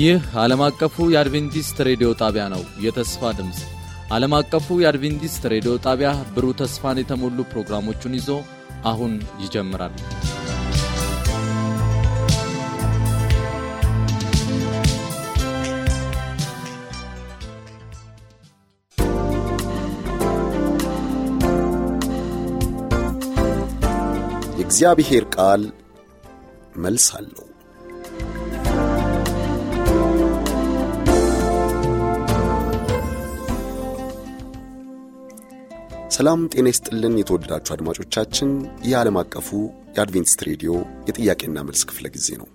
ይህ ዓለም አቀፉ የአድቬንቲስት ሬዲዮ ጣቢያ ነው። የተስፋ ድምፅ ዓለም አቀፉ የአድቬንቲስት ሬዲዮ ጣቢያ ብሩህ ተስፋን የተሞሉ ፕሮግራሞቹን ይዞ አሁን ይጀምራል። የእግዚአብሔር ቃል መልስ አለው። ሰላም ጤና ይስጥልን የተወደዳችሁ አድማጮቻችን የዓለም አቀፉ የአድቬንቲስት ሬዲዮ የጥያቄና መልስ ክፍለ ጊዜ ነው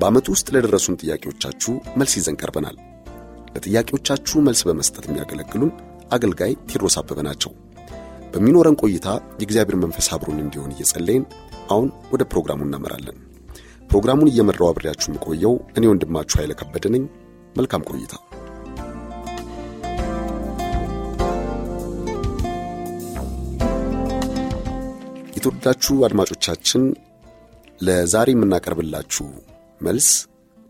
በአመቱ ውስጥ ለደረሱን ጥያቄዎቻችሁ መልስ ይዘን ቀርበናል ለጥያቄዎቻችሁ መልስ በመስጠት የሚያገለግሉን አገልጋይ ቴድሮስ አበበ ናቸው በሚኖረን ቆይታ የእግዚአብሔር መንፈስ አብሮን እንዲሆን እየጸለይን አሁን ወደ ፕሮግራሙ እናመራለን ፕሮግራሙን እየመራው አብሬያችሁ የምቆየው እኔ ወንድማችሁ ኃይለ ነኝ መልካም ቆይታ የተወደዳችሁ አድማጮቻችን ለዛሬ የምናቀርብላችሁ መልስ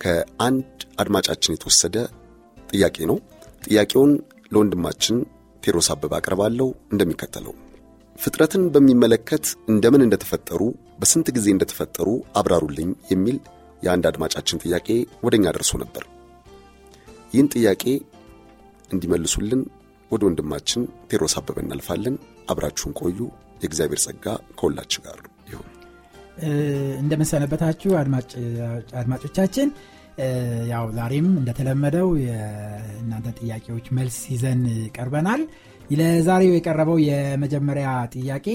ከአንድ አድማጫችን የተወሰደ ጥያቄ ነው። ጥያቄውን ለወንድማችን ቴሮስ አበበ አቀርባለሁ እንደሚከተለው ፍጥረትን በሚመለከት እንደምን እንደተፈጠሩ፣ በስንት ጊዜ እንደተፈጠሩ አብራሩልኝ የሚል የአንድ አድማጫችን ጥያቄ ወደኛ ደርሶ ነበር። ይህን ጥያቄ እንዲመልሱልን ወደ ወንድማችን ቴሮስ አበበ እናልፋለን። አብራችሁን ቆዩ። የእግዚአብሔር ጸጋ ከሁላችሁ ጋር ይሁን። እንደምንሰነበታችሁ አድማጮቻችን፣ ያው ዛሬም እንደተለመደው የእናንተ ጥያቄዎች መልስ ይዘን ቀርበናል። ለዛሬው የቀረበው የመጀመሪያ ጥያቄ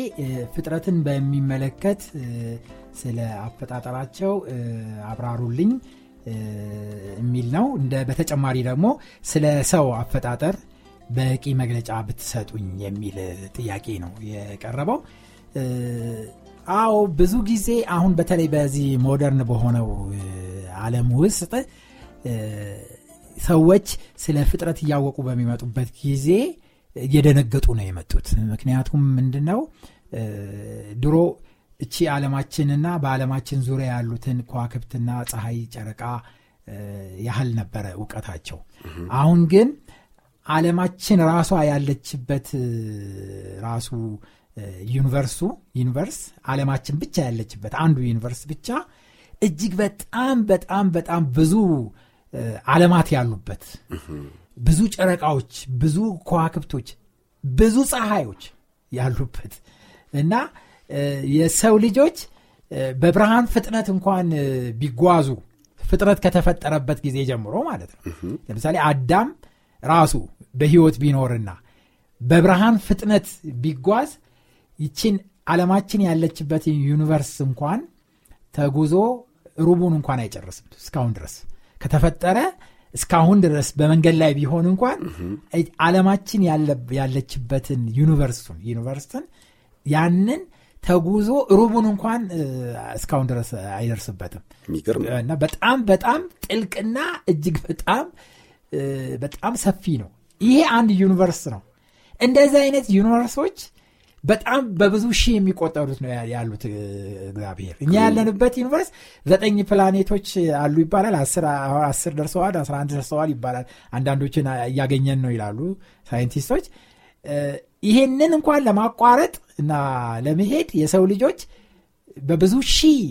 ፍጥረትን በሚመለከት ስለ አፈጣጠራቸው አብራሩልኝ የሚል ነው። እንደ በተጨማሪ ደግሞ ስለ ሰው አፈጣጠር በቂ መግለጫ ብትሰጡኝ የሚል ጥያቄ ነው የቀረበው። አዎ ብዙ ጊዜ አሁን በተለይ በዚህ ሞደርን በሆነው አለም ውስጥ ሰዎች ስለ ፍጥረት እያወቁ በሚመጡበት ጊዜ እየደነገጡ ነው የመጡት። ምክንያቱም ምንድን ነው ድሮ እቺ አለማችንና በአለማችን ዙሪያ ያሉትን ከዋክብትና ፀሐይ፣ ጨረቃ ያህል ነበረ እውቀታቸው። አሁን ግን አለማችን ራሷ ያለችበት ራሱ ዩኒቨርሱ ዩኒቨርስ አለማችን ብቻ ያለችበት አንዱ ዩኒቨርስ ብቻ እጅግ በጣም በጣም በጣም ብዙ አለማት ያሉበት ብዙ ጨረቃዎች፣ ብዙ ከዋክብቶች፣ ብዙ ፀሐዮች ያሉበት እና የሰው ልጆች በብርሃን ፍጥነት እንኳን ቢጓዙ ፍጥረት ከተፈጠረበት ጊዜ ጀምሮ ማለት ነው። ለምሳሌ አዳም ራሱ በህይወት ቢኖርና በብርሃን ፍጥነት ቢጓዝ ይችን ዓለማችን ያለችበትን ዩኒቨርስ እንኳን ተጉዞ ሩቡን እንኳን አይጨርስም እስካሁን ድረስ ከተፈጠረ እስካሁን ድረስ በመንገድ ላይ ቢሆን እንኳን ዓለማችን ያለችበትን ዩኒቨርስቱን ዩኒቨርስትን ያንን ተጉዞ ሩቡን እንኳን እስካሁን ድረስ አይደርስበትም እና በጣም በጣም ጥልቅና እጅግ በጣም በጣም ሰፊ ነው። ይሄ አንድ ዩኒቨርስ ነው። እንደዚህ አይነት ዩኒቨርሶች በጣም በብዙ ሺህ የሚቆጠሩት ነው ያሉት። እግዚአብሔር እኛ ያለንበት ዩኒቨርስ ዘጠኝ ፕላኔቶች አሉ ይባላል። አስር ደርሰዋል፣ አስራ አንድ ደርሰዋል ይባላል። አንዳንዶችን እያገኘን ነው ይላሉ ሳይንቲስቶች። ይሄንን እንኳን ለማቋረጥ እና ለመሄድ የሰው ልጆች በብዙ ሺህ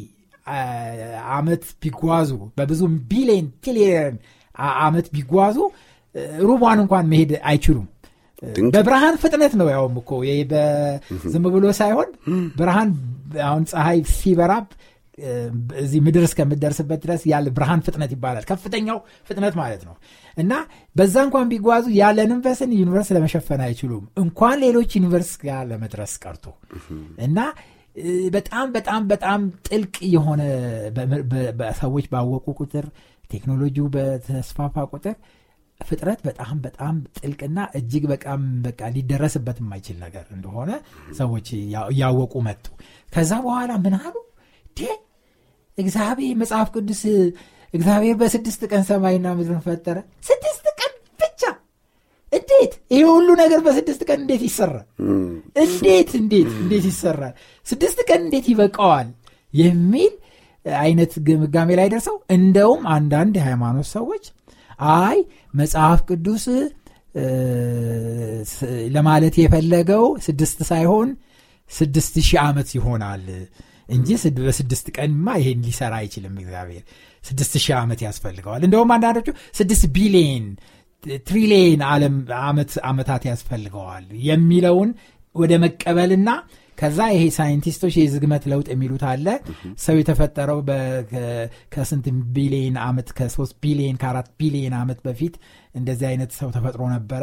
ዓመት ቢጓዙ በብዙ ቢሊየን ትሪሊየን ዓመት ቢጓዙ ሩቧን እንኳን መሄድ አይችሉም በብርሃን ፍጥነት ነው ያውም እኮ ዝም ብሎ ሳይሆን ብርሃን አሁን ፀሐይ ሲበራብ እዚህ ምድር እስከምደርስበት ድረስ ያለ ብርሃን ፍጥነት ይባላል ከፍተኛው ፍጥነት ማለት ነው እና በዛ እንኳን ቢጓዙ ያለንን ዩኒቨርስ ለመሸፈን አይችሉም እንኳን ሌሎች ዩኒቨርስ ጋር ለመድረስ ቀርቶ እና በጣም በጣም በጣም ጥልቅ የሆነ ሰዎች ባወቁ ቁጥር ቴክኖሎጂው በተስፋፋ ቁጥር ፍጥረት በጣም በጣም ጥልቅና እጅግ በቃም በቃ ሊደረስበት የማይችል ነገር እንደሆነ ሰዎች እያወቁ መጡ። ከዛ በኋላ ምን አሉ? እግዚአብሔር መጽሐፍ ቅዱስ እግዚአብሔር በስድስት ቀን ሰማይና ምድርን ፈጠረ። ስድስት ቀን ብቻ እንዴት ይህ ሁሉ ነገር በስድስት ቀን እንዴት ይሰራል? እንዴት እንዴት እንዴት ይሰራል? ስድስት ቀን እንዴት ይበቃዋል? የሚል አይነት ግምጋሜ ላይ ደርሰው እንደውም አንዳንድ የሃይማኖት ሰዎች አይ መጽሐፍ ቅዱስ ለማለት የፈለገው ስድስት ሳይሆን ስድስት ሺህ ዓመት ይሆናል እንጂ በስድስት ቀንማ ይሄን ሊሰራ አይችልም እግዚአብሔር ስድስት ሺህ ዓመት ያስፈልገዋል እንደውም አንዳንዶቹ ስድስት ቢሊየን ትሪሊየን ዓመታት ያስፈልገዋል የሚለውን ወደ መቀበልና ከዛ ይሄ ሳይንቲስቶች የዝግመት ለውጥ የሚሉት አለ ሰው የተፈጠረው ከስንት ቢሊየን ዓመት ከሶስት ቢሊየን ከአራት ቢሊየን ዓመት በፊት እንደዚህ አይነት ሰው ተፈጥሮ ነበረ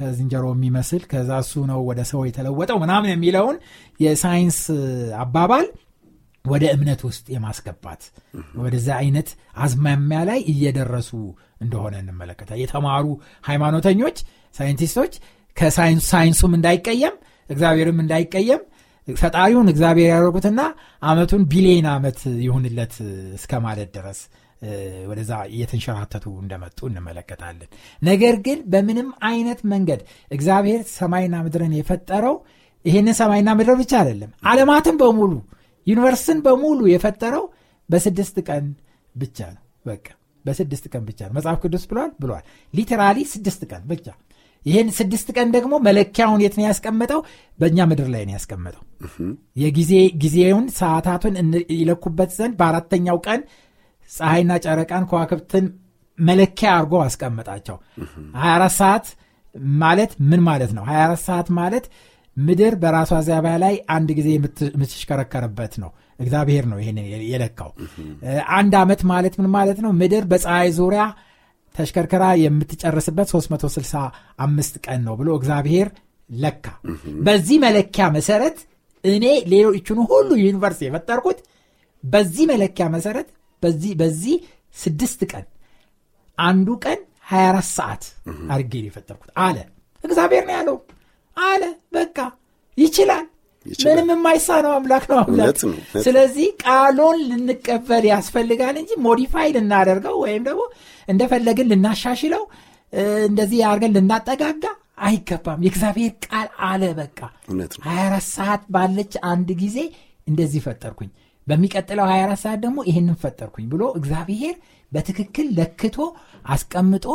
ከዝንጀሮ የሚመስል ከዛ እሱ ነው ወደ ሰው የተለወጠው ምናምን የሚለውን የሳይንስ አባባል ወደ እምነት ውስጥ የማስገባት ወደዚ አይነት አዝማሚያ ላይ እየደረሱ እንደሆነ እንመለከታል የተማሩ ሃይማኖተኞች ሳይንቲስቶች ከሳይንሱም እንዳይቀየም እግዚአብሔርም እንዳይቀየም ፈጣሪውን እግዚአብሔር ያደረጉትና አመቱን ቢሊየን ዓመት ይሁንለት እስከ ማለት ድረስ ወደዛ እየተንሸራተቱ እንደመጡ እንመለከታለን። ነገር ግን በምንም አይነት መንገድ እግዚአብሔር ሰማይና ምድርን የፈጠረው ይህንን ሰማይና ምድር ብቻ አይደለም፣ ዓለማትን በሙሉ ዩኒቨርስን በሙሉ የፈጠረው በስድስት ቀን ብቻ ነው። በቃ በስድስት ቀን ብቻ ነው። መጽሐፍ ቅዱስ ብሏል ብሏል። ሊተራሊ ስድስት ቀን ብቻ ይህን ስድስት ቀን ደግሞ መለኪያውን የት ነው ያስቀመጠው? በእኛ ምድር ላይ ነው ያስቀመጠው። የጊዜ ጊዜውን ሰዓታቱን ይለኩበት ዘንድ በአራተኛው ቀን ፀሐይና ጨረቃን ከዋክብትን መለኪያ አድርጎ አስቀመጣቸው። 24 ሰዓት ማለት ምን ማለት ነው? 24 ሰዓት ማለት ምድር በራሷ ዛቢያ ላይ አንድ ጊዜ የምትሽከረከርበት ነው። እግዚአብሔር ነው ይሄን የለካው። አንድ ዓመት ማለት ምን ማለት ነው? ምድር በፀሐይ ዙሪያ ተሽከርከራ የምትጨርስበት 365 ቀን ነው ብሎ እግዚአብሔር ለካ። በዚህ መለኪያ መሰረት እኔ ሌሎችን ሁሉ ዩኒቨርስ የፈጠርኩት በዚህ መለኪያ መሰረት በዚህ በዚህ ስድስት ቀን አንዱ ቀን 24 ሰዓት አድርጌ የፈጠርኩት አለ እግዚአብሔር ነው ያለው አለ። በቃ ይችላል ምንም ነው አምላክ ነው አምላክ። ስለዚህ ቃሉን ልንቀበል ያስፈልጋል እንጂ ሞዲፋይ ልናደርገው ወይም ደግሞ እንደፈለግን ልናሻሽለው እንደዚህ አድርገን ልናጠጋጋ አይገባም። የእግዚአብሔር ቃል አለ በቃ 24 ሰዓት ባለች አንድ ጊዜ እንደዚህ ፈጠርኩኝ፣ በሚቀጥለው 24 ሰዓት ደግሞ ይህንን ፈጠርኩኝ ብሎ እግዚአብሔር በትክክል ለክቶ አስቀምጦ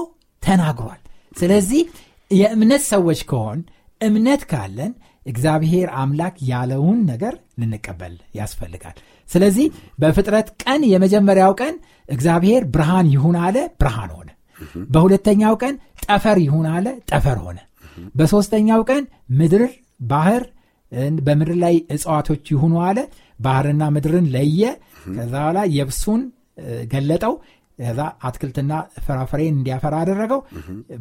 ተናግሯል። ስለዚህ የእምነት ሰዎች ከሆን እምነት ካለን እግዚአብሔር አምላክ ያለውን ነገር ልንቀበል ያስፈልጋል። ስለዚህ በፍጥረት ቀን የመጀመሪያው ቀን እግዚአብሔር ብርሃን ይሁን አለ፣ ብርሃን ሆነ። በሁለተኛው ቀን ጠፈር ይሁን አለ፣ ጠፈር ሆነ። በሶስተኛው ቀን ምድር፣ ባህር፣ በምድር ላይ እጽዋቶች ይሁኑ አለ። ባህርና ምድርን ለየ። ከዛ በኋላ የብሱን ገለጠው። ከዛ አትክልትና ፍራፍሬን እንዲያፈራ አደረገው።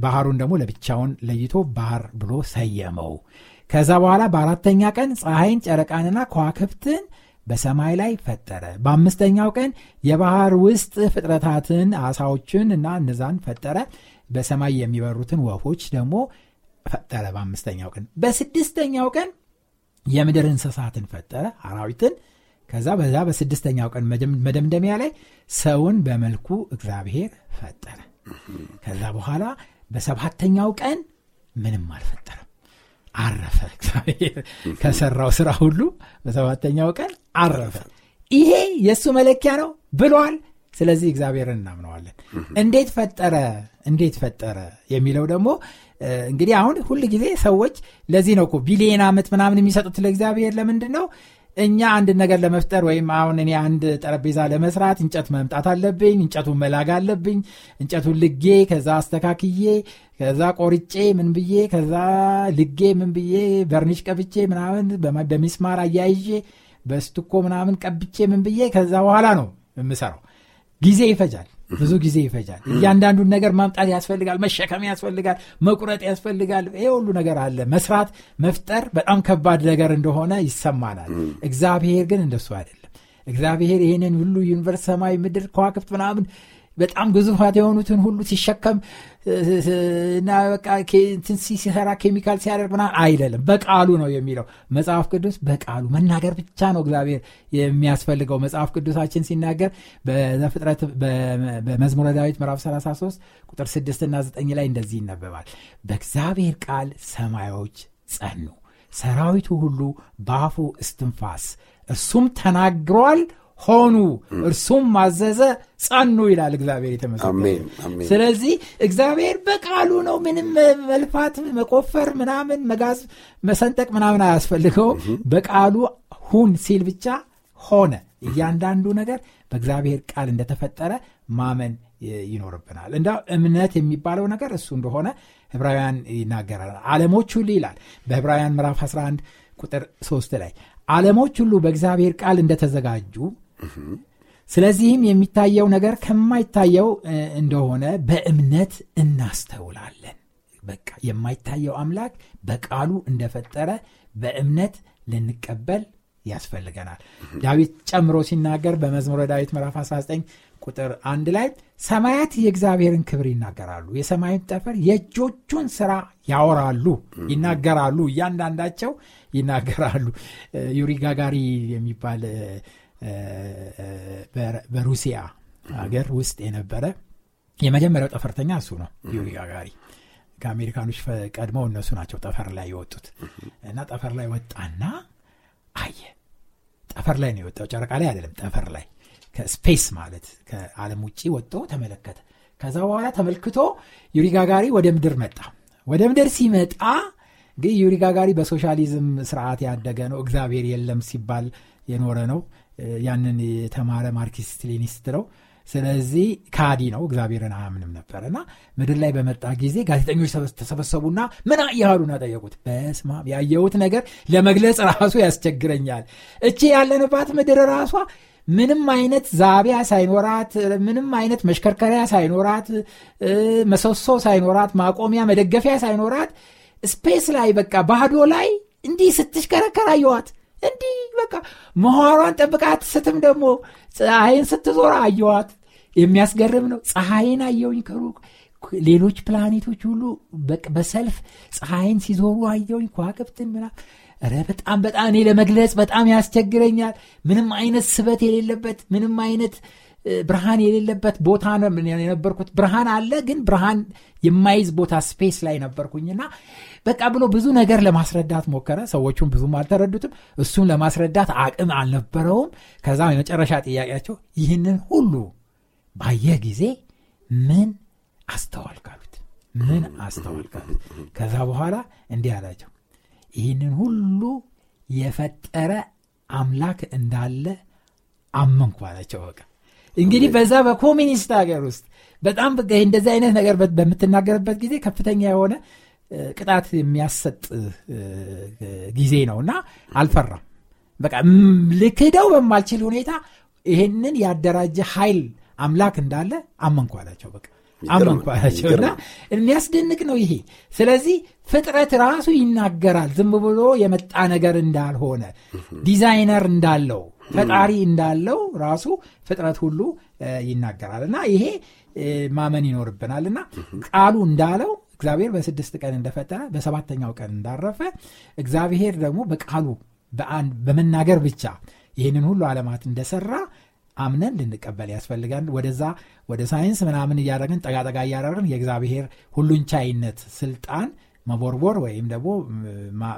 ባህሩን ደግሞ ለብቻውን ለይቶ ባህር ብሎ ሰየመው። ከዛ በኋላ በአራተኛ ቀን ፀሐይን ጨረቃንና ከዋክብትን በሰማይ ላይ ፈጠረ። በአምስተኛው ቀን የባህር ውስጥ ፍጥረታትን አሳዎችን እና እነዛን ፈጠረ። በሰማይ የሚበሩትን ወፎች ደግሞ ፈጠረ። በአምስተኛው ቀን በስድስተኛው ቀን የምድር እንስሳትን ፈጠረ፣ አራዊትን። ከዛ በዛ በስድስተኛው ቀን መደምደሚያ ላይ ሰውን በመልኩ እግዚአብሔር ፈጠረ። ከዛ በኋላ በሰባተኛው ቀን ምንም አልፈጠረም። አረፈ። እግዚአብሔር ከሰራው ስራ ሁሉ በሰባተኛው ቀን አረፈ። ይሄ የእሱ መለኪያ ነው ብሏል። ስለዚህ እግዚአብሔርን እናምነዋለን። እንዴት ፈጠረ እንዴት ፈጠረ የሚለው ደግሞ እንግዲህ አሁን ሁል ጊዜ ሰዎች ለዚህ ነው እኮ ቢሊየን ዓመት ምናምን የሚሰጡት ለእግዚአብሔር ለምንድን ነው እኛ አንድን ነገር ለመፍጠር ወይም አሁን እኔ አንድ ጠረጴዛ ለመስራት እንጨት መምጣት አለብኝ፣ እንጨቱን መላግ አለብኝ። እንጨቱን ልጌ ከዛ አስተካክዬ ከዛ ቆርጬ ምን ብዬ ከዛ ልጌ ምን ብዬ ቨርኒሽ ቀብቼ ምናምን በሚስማር አያይዤ በስቱኮ ምናምን ቀብቼ ምን ብዬ ከዛ በኋላ ነው የምሰራው። ጊዜ ይፈጃል። ብዙ ጊዜ ይፈጃል። እያንዳንዱን ነገር ማምጣት ያስፈልጋል፣ መሸከም ያስፈልጋል፣ መቁረጥ ያስፈልጋል። ይህ ሁሉ ነገር አለ። መስራት መፍጠር በጣም ከባድ ነገር እንደሆነ ይሰማናል። እግዚአብሔር ግን እንደሱ አይደለም። እግዚአብሔር ይህንን ሁሉ ዩኒቨርስ፣ ሰማይ፣ ምድር፣ ከዋክብት ምናምን በጣም ግዙፋት የሆኑትን ሁሉ ሲሸከም እና በቃ ሲሰራ ኬሚካል ሲያደርግ ምናምን አይደለም። በቃሉ ነው የሚለው መጽሐፍ ቅዱስ። በቃሉ መናገር ብቻ ነው እግዚአብሔር የሚያስፈልገው። መጽሐፍ ቅዱሳችን ሲናገር በዘፍጥረት በመዝሙረ ዳዊት ምዕራፍ 33 ቁጥር 6 እና 9 ላይ እንደዚህ ይነበባል። በእግዚአብሔር ቃል ሰማዮች ጸኑ፣ ሰራዊቱ ሁሉ በአፉ እስትንፋስ፣ እርሱም ተናግሯል ሆኑ እርሱም ማዘዘ ጸኑ ይላል እግዚአብሔር የተመሰገነ ስለዚህ እግዚአብሔር በቃሉ ነው ምንም መልፋት መቆፈር ምናምን መጋዝ መሰንጠቅ ምናምን አያስፈልገው በቃሉ ሁን ሲል ብቻ ሆነ እያንዳንዱ ነገር በእግዚአብሔር ቃል እንደተፈጠረ ማመን ይኖርብናል እንዳ እምነት የሚባለው ነገር እሱ እንደሆነ ህብራውያን ይናገራል አለሞች ሁሉ ይላል በህብራውያን ምዕራፍ 11 ቁጥር 3 ላይ ዓለሞች ሁሉ በእግዚአብሔር ቃል እንደተዘጋጁ ስለዚህም የሚታየው ነገር ከማይታየው እንደሆነ በእምነት እናስተውላለን። በቃ የማይታየው አምላክ በቃሉ እንደፈጠረ በእምነት ልንቀበል ያስፈልገናል። ዳዊት ጨምሮ ሲናገር በመዝሙረ ዳዊት ምዕራፍ 19 ቁጥር አንድ ላይ ሰማያት የእግዚአብሔርን ክብር ይናገራሉ፣ የሰማይን ጠፈር የእጆቹን ስራ ያወራሉ ይናገራሉ፣ እያንዳንዳቸው ይናገራሉ። ዩሪ ጋጋሪ የሚባል በሩሲያ ሀገር ውስጥ የነበረ የመጀመሪያው ጠፈርተኛ እሱ ነው ዩሪ ጋጋሪ ከአሜሪካኖች ቀድመው እነሱ ናቸው ጠፈር ላይ የወጡት እና ጠፈር ላይ ወጣና አየ ጠፈር ላይ ነው የወጣው ጨረቃ ላይ አይደለም ጠፈር ላይ ከስፔስ ማለት ከዓለም ውጭ ወጦ ተመለከተ ከዛ በኋላ ተመልክቶ ዩሪ ጋጋሪ ወደ ምድር መጣ ወደ ምድር ሲመጣ እንግዲህ ዩሪ ጋጋሪ በሶሻሊዝም ስርዓት ያደገ ነው እግዚአብሔር የለም ሲባል የኖረ ነው ያንን የተማረ ማርክሲስት ሌኒስት ነው። ስለዚህ ካዲ ነው፣ እግዚአብሔርን አያምንም ነበር እና ምድር ላይ በመጣ ጊዜ ጋዜጠኞች ተሰበሰቡና ምን አያሉና ጠየቁት። በስማ ያየሁት ነገር ለመግለጽ ራሱ ያስቸግረኛል። እቺ ያለንባት ምድር ራሷ ምንም አይነት ዛቢያ ሳይኖራት፣ ምንም አይነት መሽከርከሪያ ሳይኖራት፣ መሰሶ ሳይኖራት፣ ማቆሚያ መደገፊያ ሳይኖራት ስፔስ ላይ በቃ ባህዶ ላይ እንዲህ ስትሽከረከር አየኋት። እንዲህ በቃ መኋሯን ጠብቃ አትስትም። ደግሞ ፀሐይን ስትዞር አየዋት። የሚያስገርም ነው። ፀሐይን አየውኝ ከሩቅ ሌሎች ፕላኔቶች ሁሉ በሰልፍ ፀሐይን ሲዞሩ አየውኝ ከዋክብትን ምላ ረ በጣም በጣም እኔ ለመግለጽ በጣም ያስቸግረኛል። ምንም አይነት ስበት የሌለበት ምንም አይነት ብርሃን የሌለበት ቦታ የነበርኩት ብርሃን አለ ግን ብርሃን የማይዝ ቦታ ስፔስ ላይ ነበርኩኝና በቃ ብሎ ብዙ ነገር ለማስረዳት ሞከረ ሰዎቹም ብዙም አልተረዱትም እሱን ለማስረዳት አቅም አልነበረውም ከዛ የመጨረሻ ጥያቄያቸው ይህንን ሁሉ ባየ ጊዜ ምን አስተዋልካሉት ምን አስተዋልካሉት ከዛ በኋላ እንዲህ አላቸው ይህንን ሁሉ የፈጠረ አምላክ እንዳለ አመንኩ አላቸው በቃ እንግዲህ በዛ በኮሚኒስት ሀገር ውስጥ በጣም እንደዚህ አይነት ነገር በምትናገርበት ጊዜ ከፍተኛ የሆነ ቅጣት የሚያሰጥ ጊዜ ነው እና አልፈራም። በቃ ልክደው በማልችል ሁኔታ ይሄንን ያደራጀ ኃይል አምላክ እንዳለ አመንኳላቸው በቃ አመንኳላቸው እና የሚያስደንቅ ነው ይሄ። ስለዚህ ፍጥረት ራሱ ይናገራል፣ ዝም ብሎ የመጣ ነገር እንዳልሆነ ዲዛይነር እንዳለው ፈጣሪ እንዳለው ራሱ ፍጥረት ሁሉ ይናገራል እና ይሄ ማመን ይኖርብናል እና ቃሉ እንዳለው እግዚአብሔር በስድስት ቀን እንደፈጠረ በሰባተኛው ቀን እንዳረፈ እግዚአብሔር ደግሞ በቃሉ በመናገር ብቻ ይህንን ሁሉ አለማት እንደሰራ አምነን ልንቀበል ያስፈልጋል ወደዛ ወደ ሳይንስ ምናምን እያደረግን ጠጋጠጋ እያደረግን የእግዚአብሔር ሁሉን ቻይነት ስልጣን መቦርቦር ወይም ደግሞ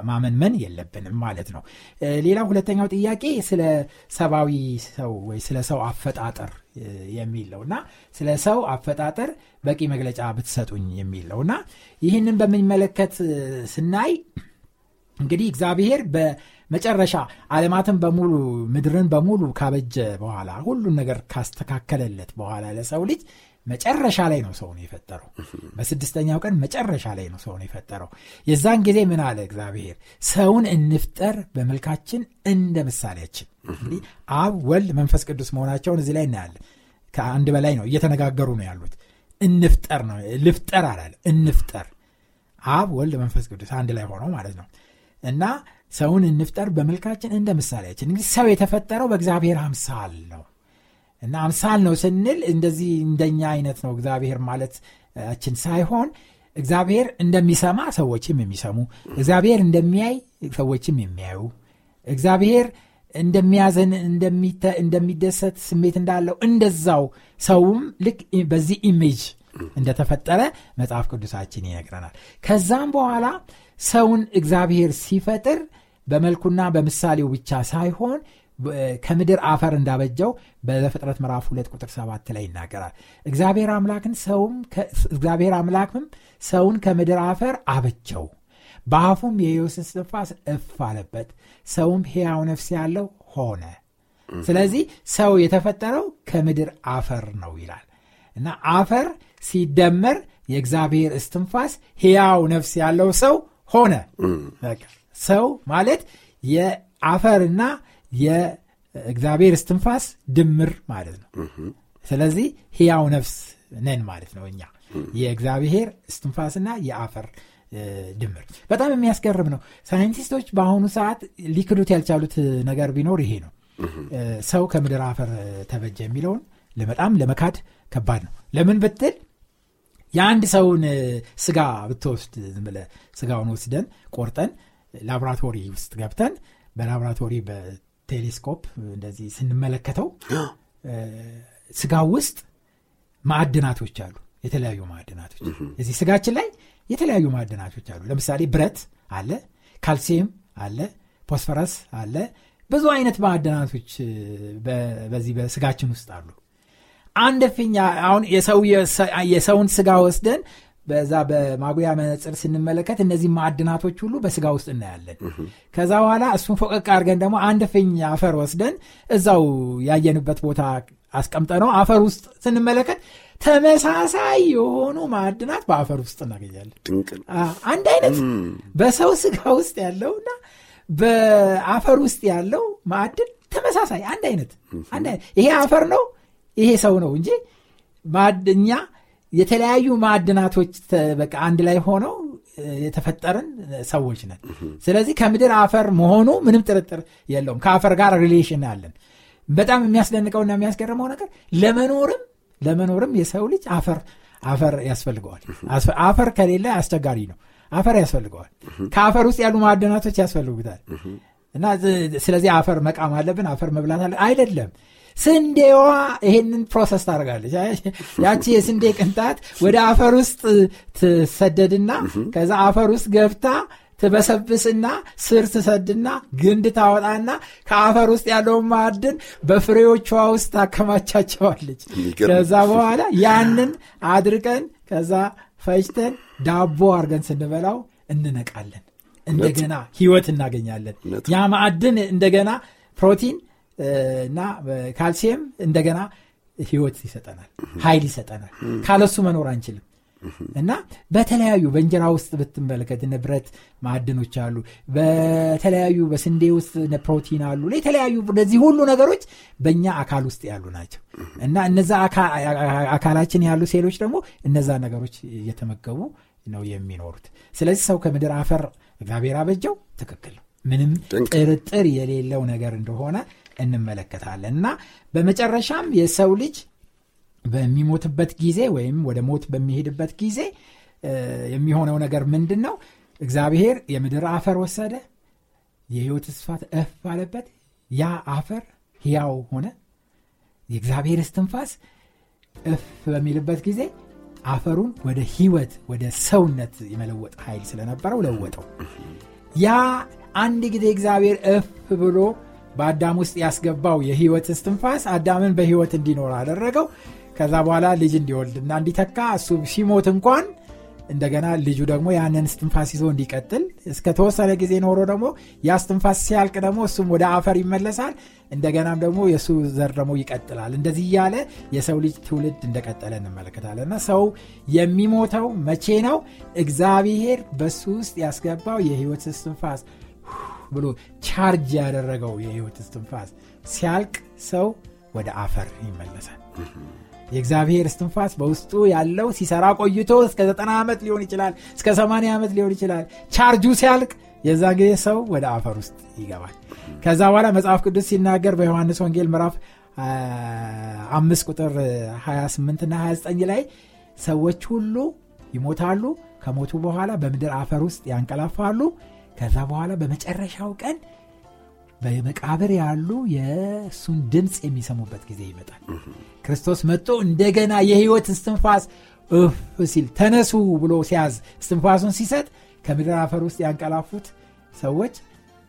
ማመንመን የለብንም ማለት ነው። ሌላ ሁለተኛው ጥያቄ ስለ ሰብአዊ ሰው ወይ ስለ ሰው አፈጣጠር የሚል ነው እና ስለ ሰው አፈጣጠር በቂ መግለጫ ብትሰጡኝ የሚል ነው እና ይህንን በምንመለከት ስናይ እንግዲህ እግዚአብሔር በመጨረሻ አለማትን በሙሉ ምድርን በሙሉ ካበጀ በኋላ ሁሉን ነገር ካስተካከለለት በኋላ ለሰው ልጅ መጨረሻ ላይ ነው ሰውን የፈጠረው። በስድስተኛው ቀን መጨረሻ ላይ ነው ሰውን የፈጠረው። የዛን ጊዜ ምን አለ እግዚአብሔር? ሰውን እንፍጠር በመልካችን እንደ ምሳሌያችን። እንግዲህ አብ፣ ወልድ፣ መንፈስ ቅዱስ መሆናቸውን እዚህ ላይ እናያለን። ከአንድ በላይ ነው እየተነጋገሩ ነው ያሉት። እንፍጠር ነው ልፍጠር አላለ፣ እንፍጠር። አብ፣ ወልድ፣ መንፈስ ቅዱስ አንድ ላይ ሆነው ማለት ነው እና ሰውን እንፍጠር በመልካችን እንደ ምሳሌያችን። እንግዲህ ሰው የተፈጠረው በእግዚአብሔር አምሳል ነው እና አምሳል ነው ስንል እንደዚህ እንደኛ አይነት ነው እግዚአብሔር ማለታችን ሳይሆን እግዚአብሔር እንደሚሰማ ሰዎችም የሚሰሙ እግዚአብሔር እንደሚያይ ሰዎችም የሚያዩ እግዚአብሔር እንደሚያዘን እንደሚደሰት ስሜት እንዳለው እንደዛው ሰውም ልክ በዚህ ኢሜጅ እንደተፈጠረ መጽሐፍ ቅዱሳችን ይነግረናል ከዛም በኋላ ሰውን እግዚአብሔር ሲፈጥር በመልኩና በምሳሌው ብቻ ሳይሆን ከምድር አፈር እንዳበጀው በፍጥረት ምዕራፍ ሁለት ቁጥር ሰባት ላይ ይናገራል። እግዚአብሔር አምላክን ሰውም እግዚአብሔር አምላክም ሰውን ከምድር አፈር አበጀው፣ በአፉም የሕይወት እስትንፋስ እፍ አለበት፣ ሰውም ሕያው ነፍስ ያለው ሆነ። ስለዚህ ሰው የተፈጠረው ከምድር አፈር ነው ይላል እና አፈር ሲደመር የእግዚአብሔር እስትንፋስ ሕያው ነፍስ ያለው ሰው ሆነ። ሰው ማለት የአፈርና የእግዚአብሔር እስትንፋስ ድምር ማለት ነው ስለዚህ ህያው ነፍስ ነን ማለት ነው እኛ የእግዚአብሔር እስትንፋስና የአፈር ድምር በጣም የሚያስገርም ነው ሳይንቲስቶች በአሁኑ ሰዓት ሊክዱት ያልቻሉት ነገር ቢኖር ይሄ ነው ሰው ከምድር አፈር ተበጀ የሚለውን በጣም ለመካድ ከባድ ነው ለምን ብትል የአንድ ሰውን ስጋ ብትወስድ ስጋውን ወስደን ቆርጠን ላቦራቶሪ ውስጥ ገብተን በላቦራቶሪ ቴሌስኮፕ እንደዚህ ስንመለከተው ስጋ ውስጥ ማዕድናቶች አሉ። የተለያዩ ማዕድናቶች እዚህ ስጋችን ላይ የተለያዩ ማዕድናቶች አሉ። ለምሳሌ ብረት አለ፣ ካልሲየም አለ፣ ፎስፈረስ አለ። ብዙ አይነት ማዕድናቶች በዚህ በስጋችን ውስጥ አሉ። አንድ ፊኛ አሁን የሰውን ስጋ ወስደን በዛ በማጉያ መነፅር ስንመለከት እነዚህ ማዕድናቶች ሁሉ በስጋ ውስጥ እናያለን። ከዛ በኋላ እሱን ፎቀቅ አድርገን ደግሞ አንድ ፍኝ አፈር ወስደን እዛው ያየንበት ቦታ አስቀምጠ ነው አፈር ውስጥ ስንመለከት ተመሳሳይ የሆኑ ማዕድናት በአፈር ውስጥ እናገኛለን። አንድ አይነት በሰው ስጋ ውስጥ ያለውና በአፈር ውስጥ ያለው ማዕድን ተመሳሳይ አንድ አይነት ይሄ አፈር ነው ይሄ ሰው ነው እንጂ ማዕድኛ የተለያዩ ማዕድናቶች በቃ አንድ ላይ ሆነው የተፈጠርን ሰዎች ነን። ስለዚህ ከምድር አፈር መሆኑ ምንም ጥርጥር የለውም። ከአፈር ጋር ሪሌሽን አለን። በጣም የሚያስደንቀውና የሚያስገርመው ነገር ለመኖርም ለመኖርም የሰው ልጅ አፈር አፈር ያስፈልገዋል። አፈር ከሌለ አስቸጋሪ ነው። አፈር ያስፈልገዋል። ከአፈር ውስጥ ያሉ ማዕድናቶች ያስፈልጉታል። እና ስለዚህ አፈር መቃም አለብን፣ አፈር መብላት አለ አይደለም ስንዴዋ ይሄንን ፕሮሰስ ታደርጋለች። ያቺ የስንዴ ቅንጣት ወደ አፈር ውስጥ ትሰደድና ከዛ አፈር ውስጥ ገብታ ትበሰብስና ስር ትሰድና ግንድ ታወጣና ከአፈር ውስጥ ያለውን ማዕድን በፍሬዎቿ ውስጥ ታከማቻቸዋለች። ከዛ በኋላ ያንን አድርቀን ከዛ ፈጭተን ዳቦ አርገን ስንበላው እንነቃለን። እንደገና ህይወት እናገኛለን። ያ ማዕድን እንደገና ፕሮቲን እና ካልሲየም እንደገና ህይወት ይሰጠናል ኃይል ይሰጠናል ካለሱ መኖር አንችልም እና በተለያዩ በእንጀራ ውስጥ ብትመለከት እነ ብረት ማዕድኖች አሉ በተለያዩ በስንዴ ውስጥ ፕሮቲን አሉ የተለያዩ እነዚህ ሁሉ ነገሮች በእኛ አካል ውስጥ ያሉ ናቸው እና እነዛ አካላችን ያሉ ሴሎች ደግሞ እነዛ ነገሮች እየተመገቡ ነው የሚኖሩት ስለዚህ ሰው ከምድር አፈር እግዚአብሔር አበጀው ትክክል ምንም ጥርጥር የሌለው ነገር እንደሆነ እንመለከታለን እና በመጨረሻም የሰው ልጅ በሚሞትበት ጊዜ ወይም ወደ ሞት በሚሄድበት ጊዜ የሚሆነው ነገር ምንድን ነው? እግዚአብሔር የምድር አፈር ወሰደ፣ የህይወት ስፋት እፍ አለበት። ያ አፈር ሕያው ሆነ። የእግዚአብሔር እስትንፋስ እፍ በሚልበት ጊዜ አፈሩን ወደ ህይወት ወደ ሰውነት የመለወጥ ኃይል ስለነበረው ለወጠው። ያ አንድ ጊዜ እግዚአብሔር እፍ ብሎ በአዳም ውስጥ ያስገባው የህይወት እስትንፋስ አዳምን በህይወት እንዲኖር አደረገው። ከዛ በኋላ ልጅ እንዲወልድ እና እንዲተካ እሱ ሲሞት እንኳን እንደገና ልጁ ደግሞ ያንን እስትንፋስ ይዞ እንዲቀጥል እስከተወሰነ ጊዜ ኖሮ ደግሞ ያ እስትንፋስ ሲያልቅ ደግሞ እሱም ወደ አፈር ይመለሳል። እንደገናም ደግሞ የእሱ ዘር ደግሞ ይቀጥላል። እንደዚህ እያለ የሰው ልጅ ትውልድ እንደቀጠለ እንመለከታለ እና ሰው የሚሞተው መቼ ነው? እግዚአብሔር በሱ ውስጥ ያስገባው የህይወት እስትንፋስ ብሎ ቻርጅ ያደረገው የህይወት እስትንፋስ ሲያልቅ ሰው ወደ አፈር ይመለሳል የእግዚአብሔር እስትንፋስ በውስጡ ያለው ሲሰራ ቆይቶ እስከ 90 ዓመት ሊሆን ይችላል እስከ 80 ዓመት ሊሆን ይችላል ቻርጁ ሲያልቅ የዛ ጊዜ ሰው ወደ አፈር ውስጥ ይገባል ከዛ በኋላ መጽሐፍ ቅዱስ ሲናገር በዮሐንስ ወንጌል ምዕራፍ አምስት ቁጥር 28 እና 29 ላይ ሰዎች ሁሉ ይሞታሉ ከሞቱ በኋላ በምድር አፈር ውስጥ ያንቀላፋሉ ከዛ በኋላ በመጨረሻው ቀን በመቃብር ያሉ የእሱን ድምፅ የሚሰሙበት ጊዜ ይመጣል። ክርስቶስ መጥቶ እንደገና የህይወት እስትንፋስ እፍ ሲል ተነሱ ብሎ ሲያዝ እስትንፋሱን ሲሰጥ ከምድር አፈር ውስጥ ያንቀላፉት ሰዎች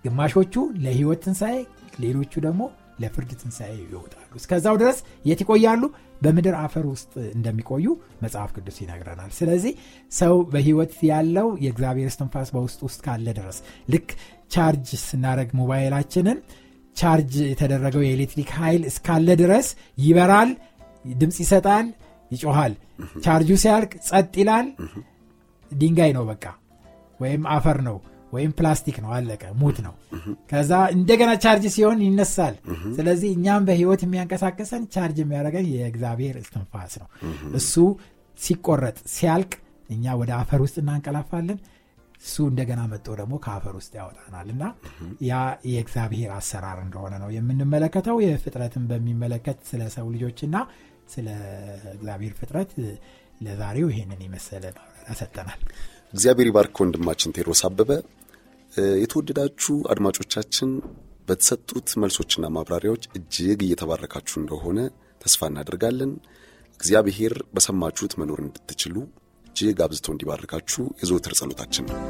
ግማሾቹ ለህይወት ትንሣኤ፣ ሌሎቹ ደግሞ ለፍርድ ትንሣኤ ይወጣል። እስከዛው ድረስ የት ይቆያሉ? በምድር አፈር ውስጥ እንደሚቆዩ መጽሐፍ ቅዱስ ይነግረናል። ስለዚህ ሰው በህይወት ያለው የእግዚአብሔር እስትንፋስ በውስጥ ውስጥ ካለ ድረስ ልክ ቻርጅ ስናደረግ ሞባይላችንን ቻርጅ የተደረገው የኤሌክትሪክ ኃይል እስካለ ድረስ ይበራል፣ ድምፅ ይሰጣል፣ ይጮሃል። ቻርጁ ሲያልቅ ጸጥ ይላል። ድንጋይ ነው በቃ ወይም አፈር ነው። ወይም ፕላስቲክ ነው አለቀ ሙት ነው ከዛ እንደገና ቻርጅ ሲሆን ይነሳል ስለዚህ እኛም በህይወት የሚያንቀሳቀሰን ቻርጅ የሚያደረገን የእግዚአብሔር እስትንፋስ ነው እሱ ሲቆረጥ ሲያልቅ እኛ ወደ አፈር ውስጥ እናንቀላፋለን እሱ እንደገና መጦ ደግሞ ከአፈር ውስጥ ያወጣናል እና ያ የእግዚአብሔር አሰራር እንደሆነ ነው የምንመለከተው የፍጥረትን በሚመለከት ስለ ሰው ልጆችና ስለ እግዚአብሔር ፍጥረት ለዛሬው ይሄንን የመሰለ ያሰጠናል እግዚአብሔር ይባርክ ወንድማችን ቴድሮስ አበበ። የተወደዳችሁ አድማጮቻችን በተሰጡት መልሶችና ማብራሪያዎች እጅግ እየተባረካችሁ እንደሆነ ተስፋ እናደርጋለን። እግዚአብሔር በሰማችሁት መኖር እንድትችሉ እጅግ አብዝቶ እንዲባርካችሁ የዘወትር ጸሎታችን ነው።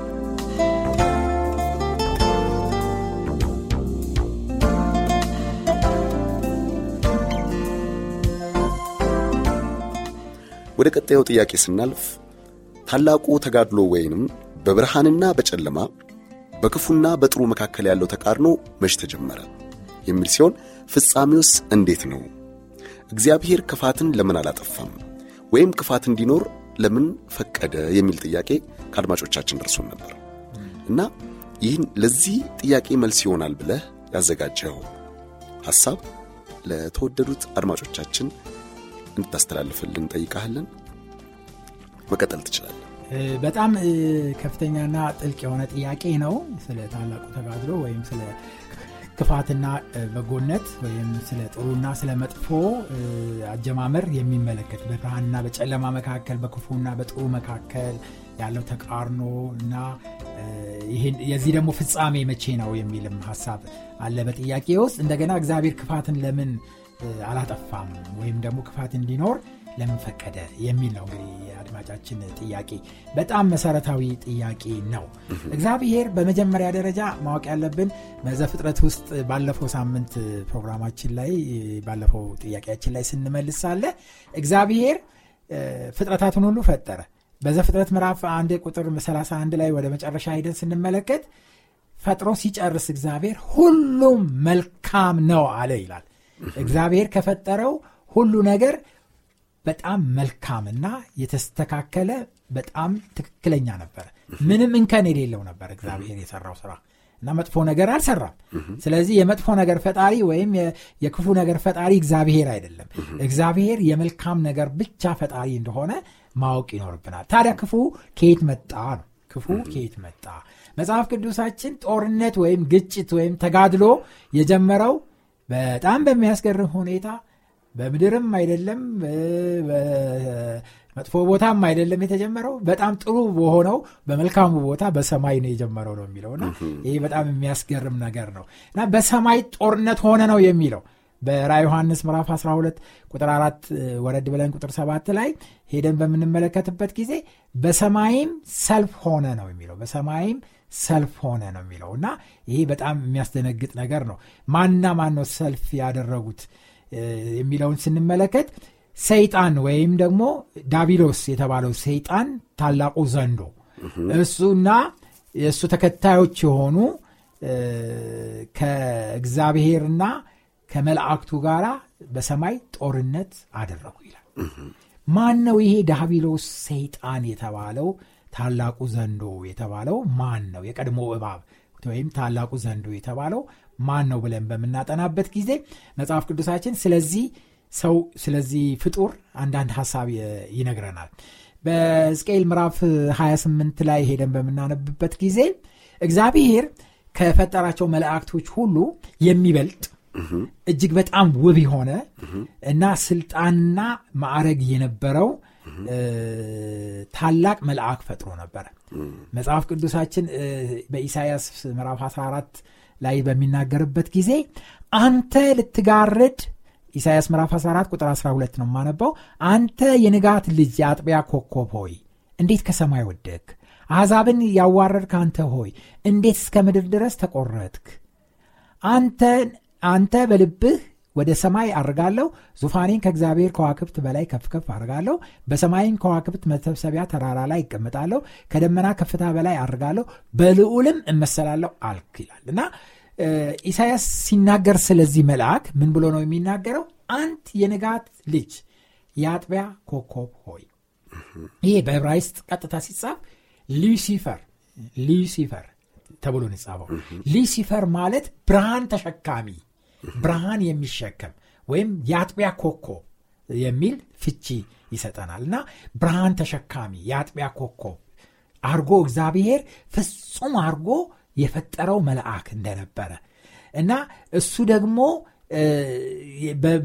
ወደ ቀጣዩ ጥያቄ ስናልፍ ታላቁ ተጋድሎ ወይንም በብርሃንና በጨለማ በክፉና በጥሩ መካከል ያለው ተቃርኖ መች ተጀመረ የሚል ሲሆን ፍጻሜውስ እንዴት ነው? እግዚአብሔር ክፋትን ለምን አላጠፋም ወይም ክፋት እንዲኖር ለምን ፈቀደ የሚል ጥያቄ ከአድማጮቻችን ደርሶን ነበር እና ይህን ለዚህ ጥያቄ መልስ ይሆናል ብለህ ያዘጋጀው ሐሳብ ለተወደዱት አድማጮቻችን እንድታስተላልፍልን እንጠይቃለን። መቀጠል ትችላል። በጣም ከፍተኛና ጥልቅ የሆነ ጥያቄ ነው። ስለ ታላቁ ተጋድሎ ወይም ስለ ክፋትና በጎነት ወይም ስለ ጥሩና ስለ መጥፎ አጀማመር የሚመለከት በብርሃንና በጨለማ መካከል በክፉና በጥሩ መካከል ያለው ተቃርኖ እና የዚህ ደግሞ ፍጻሜ መቼ ነው የሚልም ሀሳብ አለ በጥያቄ ውስጥ። እንደገና እግዚአብሔር ክፋትን ለምን አላጠፋም ወይም ደግሞ ክፋት እንዲኖር ለምን ፈቀደ የሚል ነው እንግዲህ የአድማጫችን ጥያቄ። በጣም መሰረታዊ ጥያቄ ነው። እግዚአብሔር በመጀመሪያ ደረጃ ማወቅ ያለብን በዘፍጥረት ውስጥ ባለፈው ሳምንት ፕሮግራማችን ላይ ባለፈው ጥያቄያችን ላይ ስንመልስ እግዚአብሔር ፍጥረታትን ሁሉ ፈጠረ። በዘፍጥረት ምዕራፍ አንድ ቁጥር 31 ላይ ወደ መጨረሻ ሂደን ስንመለከት ፈጥሮ ሲጨርስ እግዚአብሔር ሁሉም መልካም ነው አለ ይላል። እግዚአብሔር ከፈጠረው ሁሉ ነገር በጣም መልካምና የተስተካከለ በጣም ትክክለኛ ነበረ። ምንም እንከን የሌለው ነበር እግዚአብሔር የሰራው ስራ እና መጥፎ ነገር አልሰራም። ስለዚህ የመጥፎ ነገር ፈጣሪ ወይም የክፉ ነገር ፈጣሪ እግዚአብሔር አይደለም። እግዚአብሔር የመልካም ነገር ብቻ ፈጣሪ እንደሆነ ማወቅ ይኖርብናል። ታዲያ ክፉ ከየት መጣ ነው? ክፉ ከየት መጣ? መጽሐፍ ቅዱሳችን ጦርነት ወይም ግጭት ወይም ተጋድሎ የጀመረው በጣም በሚያስገርም ሁኔታ በምድርም አይደለም መጥፎ ቦታም አይደለም የተጀመረው፣ በጣም ጥሩ በሆነው በመልካሙ ቦታ በሰማይ ነው የጀመረው ነው የሚለውና ይሄ በጣም የሚያስገርም ነገር ነው እና በሰማይ ጦርነት ሆነ ነው የሚለው በራ ዮሐንስ ምዕራፍ 12 ቁጥር 4 ወረድ ብለን ቁጥር 7 ላይ ሄደን በምንመለከትበት ጊዜ በሰማይም ሰልፍ ሆነ ነው የሚለው በሰማይም ሰልፍ ሆነ ነው የሚለው እና ይሄ በጣም የሚያስደነግጥ ነገር ነው። ማንና ማን ነው ሰልፍ ያደረጉት? የሚለውን ስንመለከት ሰይጣን ወይም ደግሞ ዳቢሎስ የተባለው ሰይጣን ታላቁ ዘንዶ እሱና የእሱ ተከታዮች የሆኑ ከእግዚአብሔርና ከመላእክቱ ጋር በሰማይ ጦርነት አደረጉ ይላል። ማን ነው ይሄ ዳቢሎስ ሰይጣን የተባለው ታላቁ ዘንዶ የተባለው ማን ነው? የቀድሞ እባብ ወይም ታላቁ ዘንዶ የተባለው ማን ነው ብለን በምናጠናበት ጊዜ መጽሐፍ ቅዱሳችን ስለዚህ ሰው ስለዚህ ፍጡር አንዳንድ ሀሳብ ይነግረናል። በሕዝቅኤል ምዕራፍ 28 ላይ ሄደን በምናነብበት ጊዜ እግዚአብሔር ከፈጠራቸው መላእክቶች ሁሉ የሚበልጥ እጅግ በጣም ውብ የሆነ እና ስልጣንና ማዕረግ የነበረው ታላቅ መልአክ ፈጥሮ ነበረ። መጽሐፍ ቅዱሳችን በኢሳያስ ምዕራፍ 14 ላይ በሚናገርበት ጊዜ አንተ ልትጋርድ ኢሳያስ ምዕራፍ 14 ቁጥር 12 ነው የማነባው አንተ የንጋት ልጅ የአጥቢያ ኮኮብ ሆይ እንዴት ከሰማይ ወደክ አሕዛብን ያዋረድክ አንተ ሆይ እንዴት እስከ ምድር ድረስ ተቆረጥክ አንተ በልብህ ወደ ሰማይ አርጋለሁ፣ ዙፋኔን ከእግዚአብሔር ከዋክብት በላይ ከፍከፍ አርጋለሁ፣ በሰማይን ከዋክብት መሰብሰቢያ ተራራ ላይ ይቀመጣለሁ፣ ከደመና ከፍታ በላይ አርጋለሁ፣ በልዑልም እመሰላለሁ አልክ ይላል እና ኢሳያስ ሲናገር ስለዚህ መልአክ ምን ብሎ ነው የሚናገረው? አንት የንጋት ልጅ የአጥቢያ ኮኮብ ሆይ። ይሄ በዕብራይስጥ ቀጥታ ሲጻፍ ሊሲፈር ሊሲፈር ተብሎ ነው ሊሲፈር ማለት ብርሃን ተሸካሚ ብርሃን የሚሸከም ወይም የአጥቢያ ኮከብ የሚል ፍቺ ይሰጠናል እና ብርሃን ተሸካሚ የአጥቢያ ኮከብ አርጎ እግዚአብሔር ፍጹም አርጎ የፈጠረው መልአክ እንደነበረ እና እሱ ደግሞ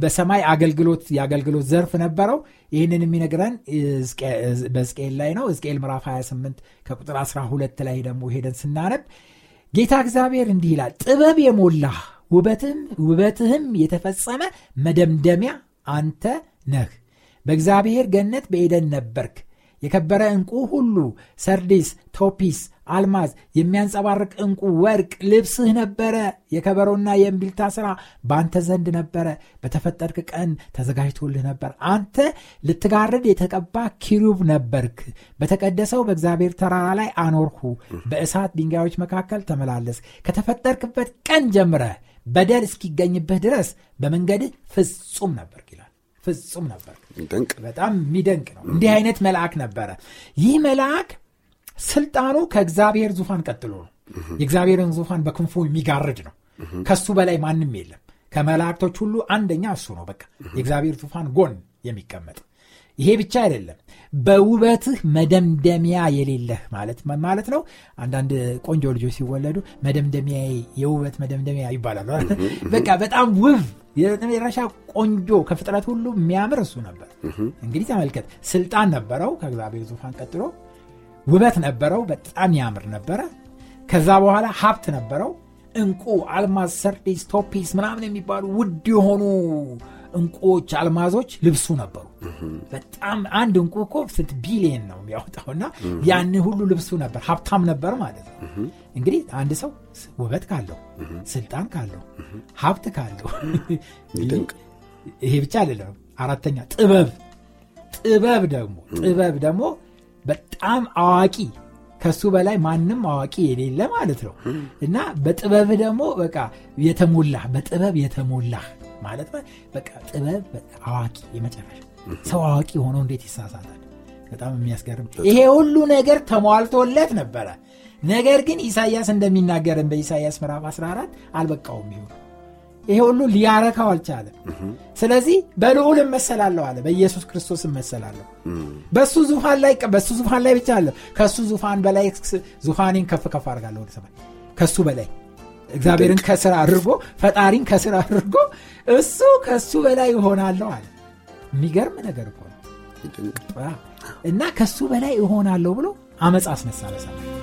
በሰማይ አገልግሎት የአገልግሎት ዘርፍ ነበረው። ይህንን የሚነግረን በዝቅኤል ላይ ነው። ዝቅኤል ምራፍ 28 ከቁጥር 12 ላይ ደግሞ ሄደን ስናነብ ጌታ እግዚአብሔር እንዲህ ይላል፣ ጥበብ የሞላህ ውበትህም የተፈጸመ መደምደሚያ አንተ ነህ። በእግዚአብሔር ገነት በኤደን ነበርክ። የከበረ ዕንቁ ሁሉ ሰርዲስ፣ ቶፒስ፣ አልማዝ፣ የሚያንጸባርቅ ዕንቁ፣ ወርቅ ልብስህ ነበረ። የከበሮና የእምቢልታ ሥራ በአንተ ዘንድ ነበረ፣ በተፈጠርክ ቀን ተዘጋጅቶልህ ነበር። አንተ ልትጋርድ የተቀባ ኪሩብ ነበርክ። በተቀደሰው በእግዚአብሔር ተራራ ላይ አኖርሁ። በእሳት ድንጋዮች መካከል ተመላለስ ከተፈጠርክበት ቀን ጀምረህ በደል እስኪገኝብህ ድረስ በመንገድህ ፍጹም ነበር ይላል። ፍጹም ነበር። በጣም የሚደንቅ ነው። እንዲህ አይነት መልአክ ነበረ። ይህ መልአክ ስልጣኑ ከእግዚአብሔር ዙፋን ቀጥሎ ነው። የእግዚአብሔርን ዙፋን በክንፎ የሚጋርድ ነው። ከሱ በላይ ማንም የለም። ከመላእክቶች ሁሉ አንደኛ እሱ ነው። በቃ የእግዚአብሔር ዙፋን ጎን የሚቀመጥ ይሄ ብቻ አይደለም። በውበትህ መደምደሚያ የሌለህ ማለት ማለት ነው። አንዳንድ ቆንጆ ልጆች ሲወለዱ መደምደሚያ የውበት መደምደሚያ ይባላሉ። በቃ በጣም ውብ የመጨረሻ ቆንጆ ከፍጥረት ሁሉ የሚያምር እሱ ነበር። እንግዲህ ተመልከት፣ ስልጣን ነበረው ከእግዚአብሔር ዙፋን ቀጥሎ፣ ውበት ነበረው፣ በጣም ያምር ነበረ። ከዛ በኋላ ሀብት ነበረው፣ እንቁ፣ አልማዝ፣ ሰርዲስ፣ ቶፒስ ምናምን የሚባሉ ውድ የሆኑ እንቁዎች፣ አልማዞች ልብሱ ነበሩ። በጣም አንድ እንቁ እኮ ስንት ቢሊየን ነው የሚያወጣው እና ያን ሁሉ ልብሱ ነበር። ሀብታም ነበር ማለት ነው። እንግዲህ አንድ ሰው ውበት ካለው፣ ስልጣን ካለው፣ ሀብት ካለው ይሄ ብቻ አይደለም። አራተኛ ጥበብ ጥበብ ደግሞ ጥበብ ደግሞ በጣም አዋቂ ከሱ በላይ ማንም አዋቂ የሌለ ማለት ነው እና በጥበብ ደግሞ በቃ የተሞላህ በጥበብ የተሞላህ ማለት በቃ ጥበብ አዋቂ የመጨረሻ ሰው አዋቂ ሆኖ እንዴት ይሳሳታል? በጣም የሚያስገርም ይሄ ሁሉ ነገር ተሟልቶለት ነበረ። ነገር ግን ኢሳያስ እንደሚናገርን በኢሳያስ ምዕራፍ 14 አልበቃውም ይሁን ይሄ ሁሉ ሊያረካው አልቻለም። ስለዚህ በልዑል እመሰላለሁ አለ፣ በኢየሱስ ክርስቶስ እመሰላለሁ። በሱ ዙፋን ላይ በሱ ዙፋን ላይ ብቻ አለ ከሱ ዙፋን በላይ ዙፋኔን ከፍ ከፍ አርጋለሁ ወደ ሰማይ ከሱ በላይ እግዚአብሔርን ከስራ አድርጎ ፈጣሪን ከስራ አድርጎ እሱ ከሱ በላይ እሆናለሁ አለ። የሚገርም ነገር እኮ እና ከሱ በላይ እሆናለሁ ብሎ አመፅ አስነሳ በሰማይ